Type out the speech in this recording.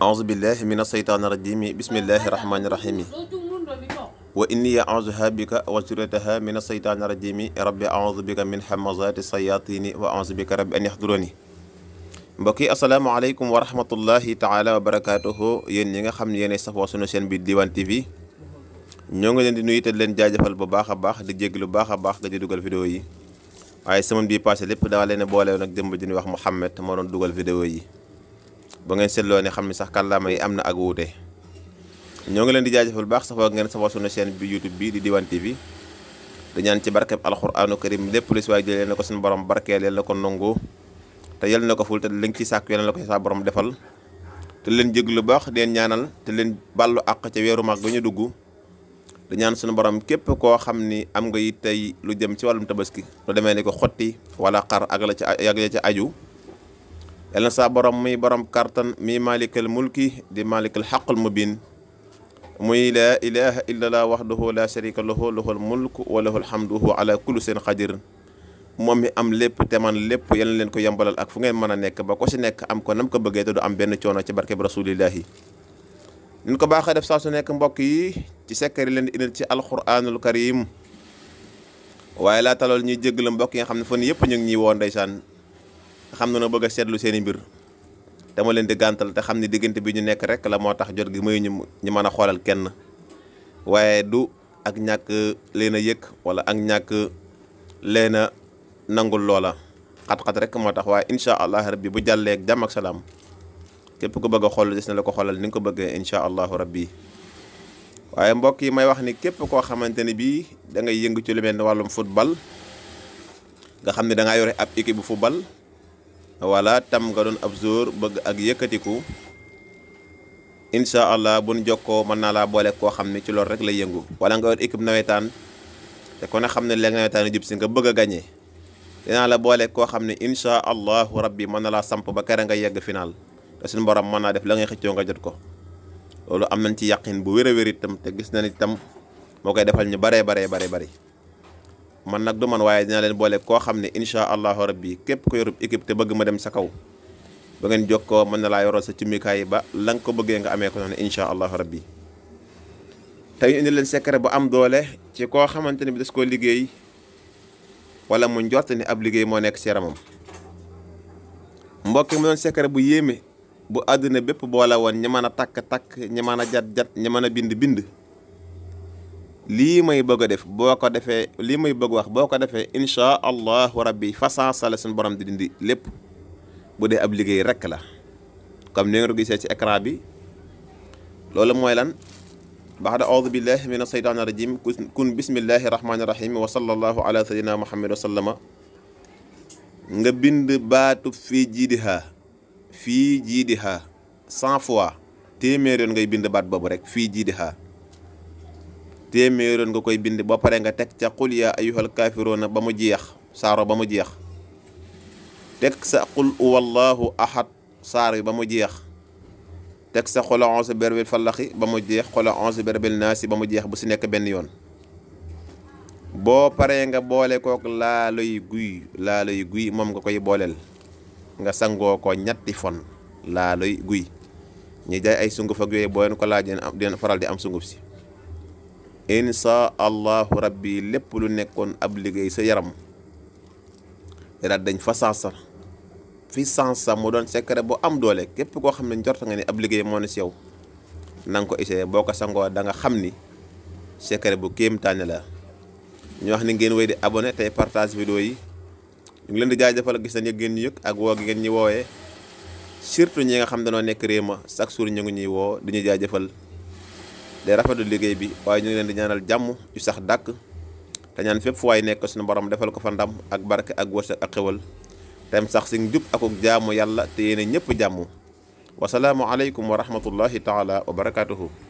aousubillahi min asheytaani irajimi bismillahi rahmaaniirahimi wa inni aousuha bika wa zurriyataha min asheytaani irajimi rabbi aousu bika min hamazati sayatini wa aousu bika rabbi an yahduroni mbokk yi asalaamaaleykum wa rahmatullahi taala wa barakatuhu yéen ñi nga xam ne yéenay safoo sunu seen bi Diwane TV ñoo ngi leen di nuyu te leen jaajëfal bu baax a baax di jégg lu baax a baax nga di dugal vidéo yi waaye semaine bii passé lépp daa leen boole nag jëmb ji ñuy wax Mouhamed moo doon dugal vidéo yi ba ngeen seetloo ne xam ni sax kàllaama yi am na ak wuute ñoo ngi leen di jaajëfal baax safoo ngeen safoo sunu chaîne bi youtube bi di Diwane TV di ñaan ci barkeb alxuraanu karim lépp lu si waay jëlee na ko suñu borom barkeel yal na ko nangu te yal na ko ful te liñ ci sàkk yal ko ci saa borom defal te leen jég lu baax di leen ñaanal te leen bàllu àq ca weeru mag ba ñu dugg di suñu borom képp koo xam ni am nga it tey lu jëm ci wàllum tabaski lu demee ni ko xotti wala xar ak la ca yàgg ca aju yal saa borom muy borom kartan malik malikal mulki di malikal xaqul mubin muy laa ilaha wax waxdahu la sharika lahu lahul mulk wa lahul hamdu huwa ala kulli seen xadir moom mi am lépp te man lépp yal leen ko yombalal ak fu ngeen mën a nekk ba ko si nekk am ko nam ko bëggee te du am benn coono ci barkeb rasulillahi ñu ko baaxee def saa su nekk mbokk yi ci sekkar yi leen di indil ci alquranul karim waaye laata loolu ñuy jégalu mbokk yi xam ne fan yëpp ñu ngi ñuy woo ndeysaan xam na bëgg a seetlu seen mbir dama leen di gàntal te xam ne diggante bi ñu nekk rek la moo tax jot gi may ñu ñu mën a xoolal kenn waaye du ak ñàkk leen a yëg wala ak ñàkk leen a nangul loola xat-xat rek moo tax waaye incha allah rabbi bu jàllee ak jàmm ak salaam képp ku bëgg a xool des na la ko xoolal ni nga ko bëggee incha allahu rabbi waaye mbokk yi may wax ni képp koo xamante ni bii dangay yëngu ci lu wàllum football nga xam ne da yore ab équipe bu wala tam nga doon ab jour bëgg ak yëkkatiku incha allah buñ jokkoo mën naa laa boole koo xam ne ci loolu rek lay yëngu wala nga yor équipe nawetaan te kon a xam ne léegi nawetaan jub si nga bëgg a gañee dinaa la boole koo xam ne incha allahu rabbi mën na laa samp ba kere nga yegg final te suñu borom mën naa def la ngay xëccoo nga jot ko loolu am nañ ci yàqin bu wér wér itam te gis na ni itam moo koy defal ñu baree baree baree bari man nag du man waaye dina leen boole koo xam ne incha allahu rabbi képp ko yorub équipe te bëgg ma dem sa kaw ba ngeen jokkoo mën na laa yoroo sa cimikaay ba la ko bëggee nga amee ko noonu incha allahu rabbi tey ñu indi leen secret bu am doole ci koo xamante ni bi das koo liggéey wala mu njort ni ab liggéey moo nekk ci yaramam mbokk mu doon secret bu yéeme bu àdduna bépp boole woon ñi mën a takk takk ñi mën a jat jat ñi mën a bind bind lii may bëgg a def boo ko defee lii may bëgg wax boo ko defee inchaa allahu rabbi fasansala suñu borom di dindi lépp bu dee ab liggéey rekk la comme ni nga ko gisee ci écran bi loolu mooy lan baxda aoudu billahi min asheytaani rajim kun bismillahi rahmaani rahim wa sallallahu ala sayidina muhammad wa sallama nga bind baatu fii jiidihaa fii jiidihaa cent fois téeméer yoon ngay bind baat boobu rek fii jiidihaa téeméeroon nga koy bind ba pare nga teg ca qul yaa ayyuhal kaafiruuna ba mu jeex saaro ba mu jeex teg sa qul wallahu ahad saar yi ba mu jeex teg sa xola onze berbil fallaxi ba mu jeex xola onze berbil naasi ba mu jeex bu si nekk benn yoon boo paree nga boole kook laaloy guy laaloy guy moom nga koy booleel nga sangoo ko ñetti fon laaloy guy ñi jaay ay sunguf ak yooyu boo leen ko laaj den faral di am sunguf si insha allahu rabbi lépp lu nekkoon ab liggéey sa yaram daal dañ fa sansar fi sansa mu doon secret bu am doole képp koo xam ne njort nga ne ab liggéey moo ne si yow na ko essayé boo ko sangoo da nga xam ni secret bu kéemtaane la ñoo wax ni ngeen wéy di abonné tey partage vidéo yi ñu ngi leen di jaajëfal gis nañ ngeen ñu yëg ak woo gi ngeen ñi woowee surtout ñi nga xam danoo nekk réew ma chaque ñu ngi ñuy woo di ñu jaajëfal de rafetu liggéey bi waaye ñu ngi leen di ñaanal jàmm yu sax dàkk te ñaan fépp fu waay nekk suñu borom defal ko fa ndam ak barke ak wërsëg ak xewal tem sax si jub ak jaamu yàlla te yéene ñëpp jàmm wasalaamualeykum wa rahmatullahi taala wa barakaatuhu.